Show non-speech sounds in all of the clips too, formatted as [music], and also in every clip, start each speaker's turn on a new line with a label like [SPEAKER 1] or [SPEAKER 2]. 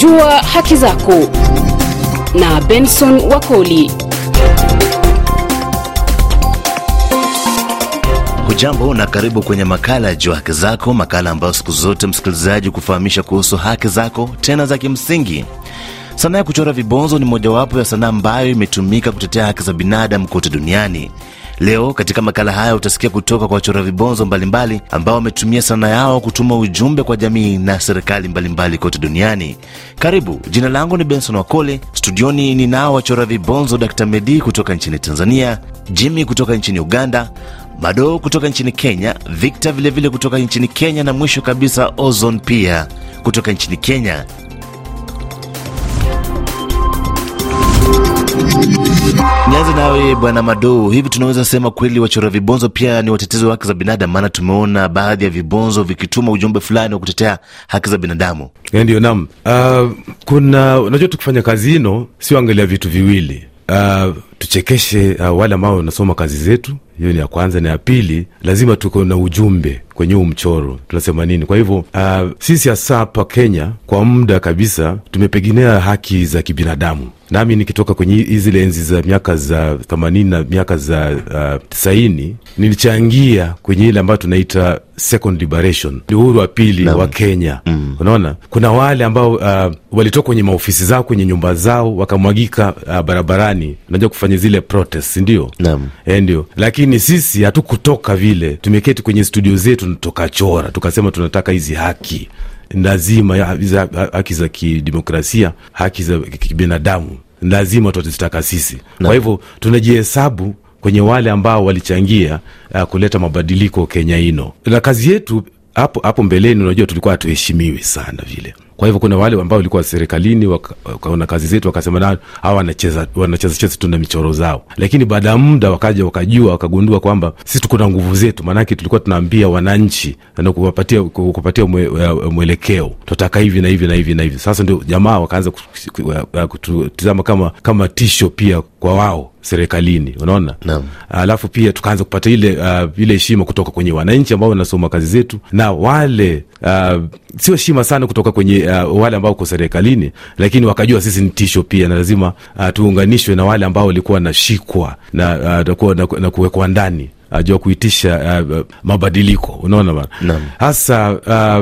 [SPEAKER 1] Jua haki zako na Benson Wakoli. jambo na karibu kwenye makala ya Jua Haki Zako, makala ambayo siku zote msikilizaji kufahamisha kuhusu haki zako tena za kimsingi. Sanaa ya kuchora vibonzo ni mojawapo ya sanaa ambayo imetumika kutetea haki za binadamu kote duniani. Leo katika makala haya utasikia kutoka kwa wachora vibonzo mbalimbali ambao wametumia sanaa yao kutuma ujumbe kwa jamii na serikali mbalimbali kote duniani. Karibu, jina langu ni Benson Wakoli. Studioni ninao wachora vibonzo Dr. Medi kutoka nchini Tanzania, Jimmy kutoka nchini Uganda, Mado kutoka nchini Kenya, Victor vilevile kutoka nchini Kenya na mwisho kabisa Ozon pia kutoka nchini Kenya. Nianze nawe bwana Madou, hivi tunaweza sema kweli wachora vibonzo pia ni watetezi wa haki za binadamu? Maana tumeona baadhi ya vibonzo vikituma ujumbe fulani wa kutetea haki za binadamu.
[SPEAKER 2] Eh, ndio nam. Uh, ah, kuna unajua, tukifanya kazi hino sio angalia vitu viwili Uh, tuchekeshe uh, wale ambao wanasoma kazi zetu. Hiyo ni ya kwanza, na ya pili, lazima tuko na ujumbe kwenye huu mchoro, tunasema nini? Kwa hivyo uh, sisi hasa hapa Kenya kwa muda kabisa tumepegenea haki za kibinadamu nami nikitoka kwenye hizi lenzi za miaka za themanini na miaka za uh, tisaini nilichangia kwenye ile ambayo tunaita second liberation, uhuru wa pili wa Kenya. Mm. Unaona, kuna wale ambao uh, walitoka kwenye maofisi zao kwenye nyumba zao wakamwagika uh, barabarani, unajua kufanya zile protest, ndio e, ndio. Lakini sisi hatukutoka vile, tumeketi kwenye studio zetu tukachora, tukasema tunataka hizi haki lazima ya, haki za kidemokrasia, haki za kibinadamu lazima tutazitaka sisi. Kwa hivyo tunajihesabu kwenye wale ambao walichangia uh, kuleta mabadiliko Kenya ino, na kazi yetu hapo hapo mbeleni, unajua tulikuwa hatuheshimiwi sana vile kwa hivyo kuna wale ambao walikuwa serikalini wakaona kazi zetu, wakasema hawa wanacheza cheza tu na michoro zao, lakini baada ya muda wakaja wakajua, wakagundua kwamba sisi tuko na nguvu zetu, maanake tulikuwa tunaambia wananchi na kuwapatia kupatia mwelekeo, tutaka hivi na hivi na hivi na hivi. Sasa ndio jamaa wakaanza kututizama kama, kama tisho pia kwa wao serikalini unaona Naam. alafu pia tukaanza kupata ile uh, ile heshima kutoka kwenye wananchi ambao wanasoma kazi zetu na wale uh, sio heshima sana kutoka kwenye uh, wale ambao ko serikalini lakini wakajua sisi ni tisho pia na lazima uh, tuunganishwe na wale ambao walikuwa wanashikwa na, uh, na, na kuwekwa ndani ajua uh, kuitisha uh, mabadiliko unaona bana hasa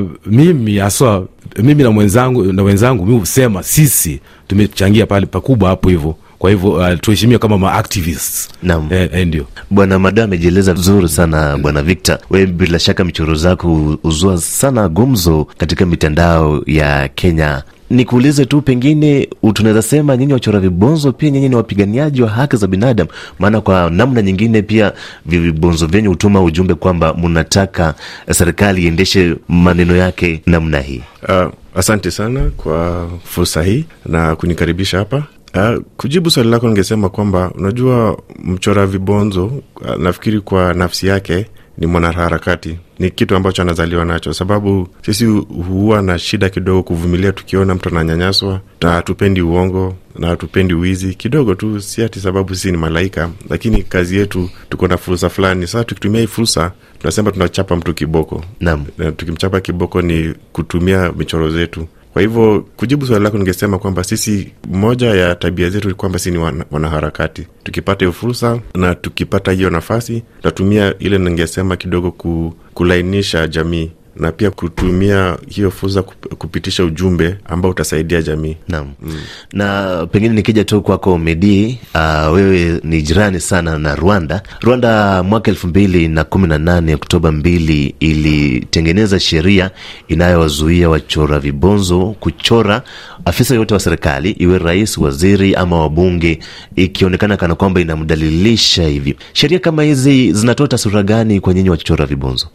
[SPEAKER 2] uh, mimi haswa mimi na mwenzangu na wenzangu mi husema sisi tumechangia pale pakubwa hapo hivyo kwa hivyo uh, tuheshimiwe kama maactivists.
[SPEAKER 1] nam eh, eh, ndio bwana Mada amejieleza vizuri sana bwana Victor. we bila shaka michoro zako huzua sana gumzo katika mitandao ya Kenya. Nikuulize tu pengine, tunaweza sema nyinyi wachora vibonzo pia nyinyi ni wapiganiaji wa haki za binadamu? Maana kwa namna nyingine pia vibonzo vyenye hutuma ujumbe kwamba mnataka serikali
[SPEAKER 3] iendeshe maneno yake namna hii. Uh, asante sana kwa fursa hii na kunikaribisha hapa Uh, kujibu swali lako ningesema kwamba unajua mchora vibonzo uh, nafikiri kwa nafsi yake ni mwanaharakati ni kitu ambacho anazaliwa nacho, sababu sisi huwa na shida kidogo kuvumilia tukiona mtu ananyanyaswa, na hatupendi uongo na hatupendi wizi kidogo tu, si ati sababu sisi ni malaika, lakini kazi yetu tuko na fursa fulani. Sasa tukitumia hii fursa, tunasema tunachapa mtu kiboko. na tukimchapa kiboko ni kutumia michoro zetu kwa hivyo kujibu swali lako, ningesema kwamba sisi, moja ya tabia zetu kwamba sii ni wana, wanaharakati. Tukipata hiyo fursa na tukipata hiyo nafasi, tutatumia ile, ningesema kidogo ku, kulainisha jamii na pia kutumia hiyo fursa kupitisha ujumbe ambao utasaidia jamii. na, Mm. Na pengine nikija tu kwako Medi, uh, wewe ni jirani sana
[SPEAKER 1] na Rwanda. Rwanda mwaka elfu mbili na kumi na nane Oktoba mbili ilitengeneza sheria inayowazuia wachora vibonzo kuchora afisa yote wa serikali, iwe rais, waziri ama wabunge, ikionekana kana kwamba inamdalilisha. Hivyo sheria kama hizi zinatoa taswira gani kwa nyinyi wachora vibonzo?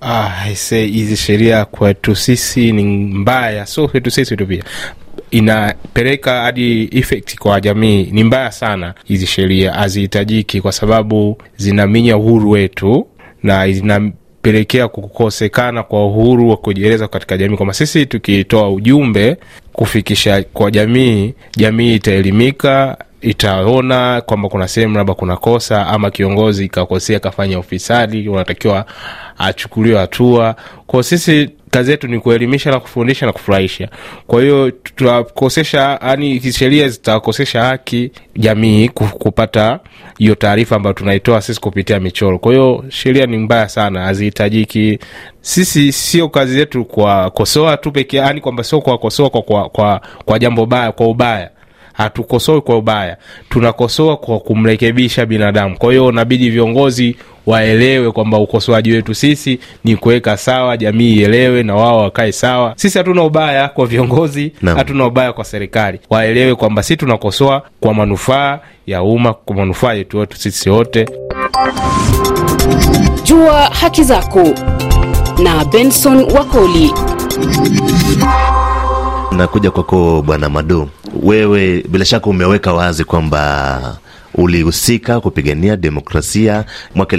[SPEAKER 4] Ah, hizi sheria kwetu sisi ni mbaya, sio kwetu sisi tu pia inapeleka hadi effect kwa jamii. Ni mbaya sana, hizi sheria hazihitajiki kwa sababu zinaminya uhuru wetu na zinapelekea kukosekana kwa uhuru wa kujieleza katika jamii, kwamba sisi tukitoa ujumbe kufikisha kwa jamii, jamii itaelimika itaona kwamba kuna sehemu labda kuna kosa ama kiongozi kakosea kafanya ufisadi, unatakiwa achukuliwe hatua. kwao sisi kazi yetu ni kuelimisha na kufundisha na kufurahisha. Kwa hiyo tutakosesha, yani sheria zitakosesha haki jamii kupata hiyo taarifa ambayo tunaitoa sisi kupitia michoro. Kwa hiyo sheria ni mbaya sana, hazihitajiki. Sisi sio kazi yetu kuwakosoa tu pekee, yani kwamba sio kuwakosoa kwa, kwa, kwa, kwa jambo baya, kwa ubaya hatukosoi kwa ubaya, tunakosoa kwa kumrekebisha binadamu. Kwa hiyo unabidi viongozi waelewe kwamba ukosoaji wetu sisi ni kuweka sawa, jamii ielewe na wao wakae sawa. Sisi hatuna ubaya kwa viongozi, hatuna no. ubaya kwa serikali. Waelewe kwamba sisi tunakosoa kwa manufaa ya umma, kwa manufaa yetu wetu sisi
[SPEAKER 1] wote. Jua haki zako na Benson Wakoli. Nakuja kwako Bwana Madu wewe bila shaka umeweka wazi kwamba ulihusika kupigania demokrasia mwaka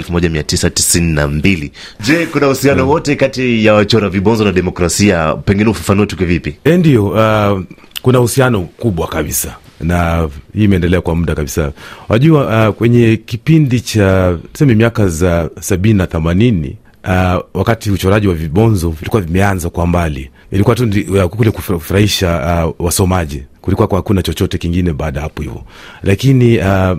[SPEAKER 1] mbili. Je, kuna uhusiano mm, wote kati ya wachora vibonzo na demokrasia? Pengine ufafanue tuke vipi? Eh, ndio, uh, kuna uhusiano
[SPEAKER 2] kubwa kabisa na hii imeendelea kwa muda kabisa. Wajua, uh, kwenye kipindi cha tuseme miaka za sabini na themanini Uh, wakati uchoraji wa vibonzo vilikuwa vimeanza kwa mbali, ilikuwa tu uh, kule kufurahisha uh, wasomaji kulikuwa kwa hakuna chochote kingine baada hapo hivyo, lakini uh,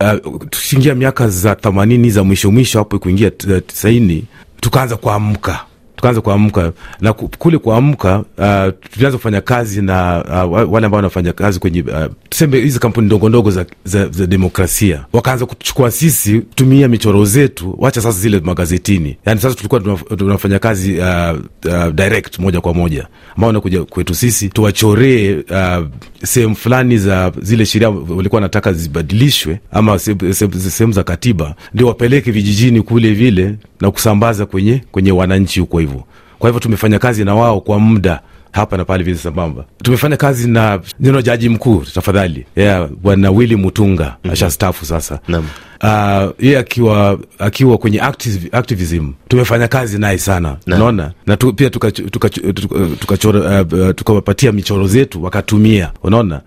[SPEAKER 2] uh, tukiingia miaka za themanini za mwisho mwisho hapo kuingia tisaini uh, tukaanza kuamka tukaanza kuamka na kule kuamka, uh, tulianza kufanya kazi na uh, wale ambao wanafanya kazi kwenye uh, tuseme hizi kampuni ndogo ndogo za, za, za demokrasia, wakaanza kuchukua sisi, tumia michoro zetu, wacha sasa zile magazetini. Yani sasa tulikuwa tunafanya kazi uh, uh, direct, moja kwa moja, ambao wanakuja kwetu sisi tuwachoree uh, sehemu fulani za zile sheria walikuwa wanataka zibadilishwe ama sehemu za katiba, ndio wapeleke vijijini kule vile na kusambaza kwenye, kwenye wananchi huko hivo hivyo. Kwa hivyo tumefanya kazi na wao kwa muda hapa na pale vile sambamba. Tumefanya kazi na neno jaji mkuu tafadhali, yeah, bwana Willy Mutunga mm -hmm. ashastafu sasa Naam. Ah, yeye akiwa akiwa kwenye active, activism tumefanya kazi naye sana unaona na, na tu, pia tukawapatia tuka, tuka, tuka, tuka eh, michoro zetu wakatumia unaona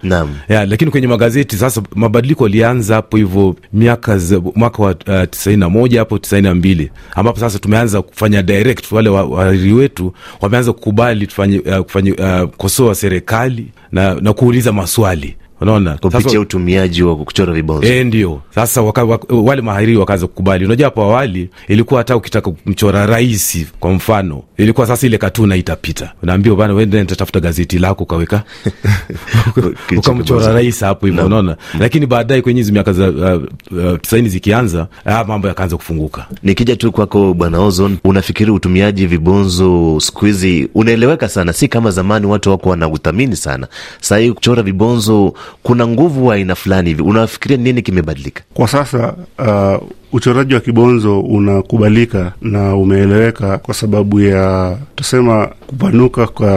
[SPEAKER 2] yeah, lakini kwenye magazeti sasa mabadiliko alianza hapo hivyo miaka mwaka wa uh, eh, tisaini na moja hapo tisaini na mbili ambapo sasa tumeanza kufanya direct wale wahariri wa, wetu wameanza kukubali tufanye uh, kufanye uh, kosoa serikali na, na kuuliza maswali Unaona, kupitia utumiaji wa kuchora vibonzo e, eh, ndio sasa waka, waka, wale mahariri wakaanza kukubali. Unajua, hapo awali ilikuwa hata ukitaka kumchora rais kwa mfano, ilikuwa sasa ile katuna itapita, unaambia bana, wende nitatafuta gazeti lako ukaweka [laughs] ukamchora rais hapo hivo, unaona no. Lakini baadaye kwenye hizi miaka za uh, uh, tisaini
[SPEAKER 1] zikianza, uh, mambo yakaanza kufunguka. Nikija tu kwako Bwana Ozon, unafikiri utumiaji vibonzo siku hizi unaeleweka sana, si kama zamani watu wako wanauthamini sana. Sahii kuchora vibonzo kuna nguvu wa aina fulani hivi. Unafikiria nini kimebadilika
[SPEAKER 3] kwa sasa? Uh, uchoraji wa kibonzo unakubalika na umeeleweka kwa sababu ya tusema kupanuka kwa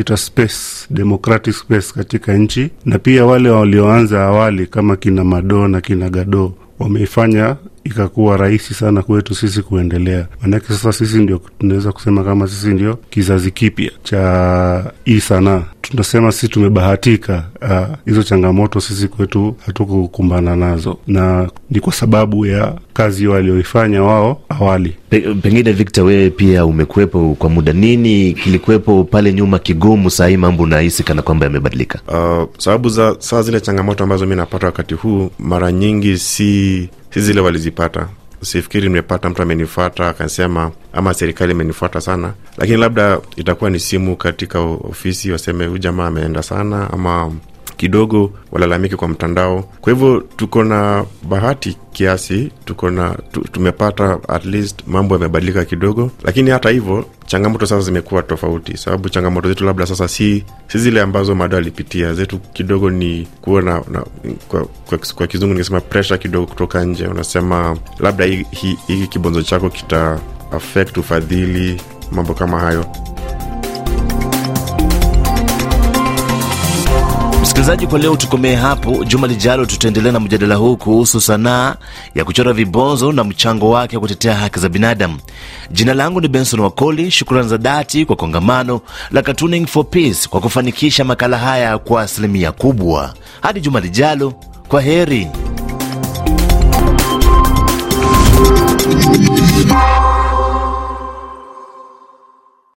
[SPEAKER 3] ita space, democratic space katika nchi, na pia wale walioanza awali kama kina Mado na kina Gado wameifanya ikakuwa rahisi sana kwetu sisi kuendelea, maanake sasa sisi ndio tunaweza kusema kama sisi ndio kizazi kipya cha hii sanaa. Tunasema sisi tumebahatika ah, hizo uh, changamoto sisi kwetu hatukukumbana nazo, na ni kwa sababu ya kazi walioifanya wao awali.
[SPEAKER 1] pengine Victor, wewe pia
[SPEAKER 3] umekuwepo
[SPEAKER 1] kwa muda, nini kilikuwepo pale nyuma kigumu, saa hii mambo unahisi kana kwamba yamebadilika?
[SPEAKER 3] Uh, sababu za saa zile changamoto ambazo mi napata wakati huu mara nyingi si si zile walizipata. Sifikiri nimepata mtu amenifuata akasema ama serikali imenifuata sana, lakini labda itakuwa ni simu katika ofisi waseme huu jamaa ameenda sana ama kidogo walalamike kwa mtandao. Kwa hivyo tuko na bahati kiasi, tuko na tumepata at least mambo yamebadilika kidogo, lakini hata hivyo changamoto sasa zimekuwa tofauti, sababu changamoto zetu labda sasa si si zile ambazo Mado alipitia. Zetu kidogo ni kuwa na, na kwa, kwa, kwa kizungu ningesema presha kidogo kutoka nje, unasema labda hiki kibonzo chako kita afect ufadhili, mambo kama hayo.
[SPEAKER 1] Msikilizaji, kwa leo tukomee hapo. Juma lijalo tutaendelea na mjadala huu kuhusu sanaa ya kuchora vibonzo na mchango wake wa kutetea haki za binadamu. Jina langu ni Benson Wakoli. Shukrani za dhati kwa kongamano la Cartooning for Peace kwa kufanikisha makala haya kwa asilimia kubwa. Hadi juma lijalo, kwa heri.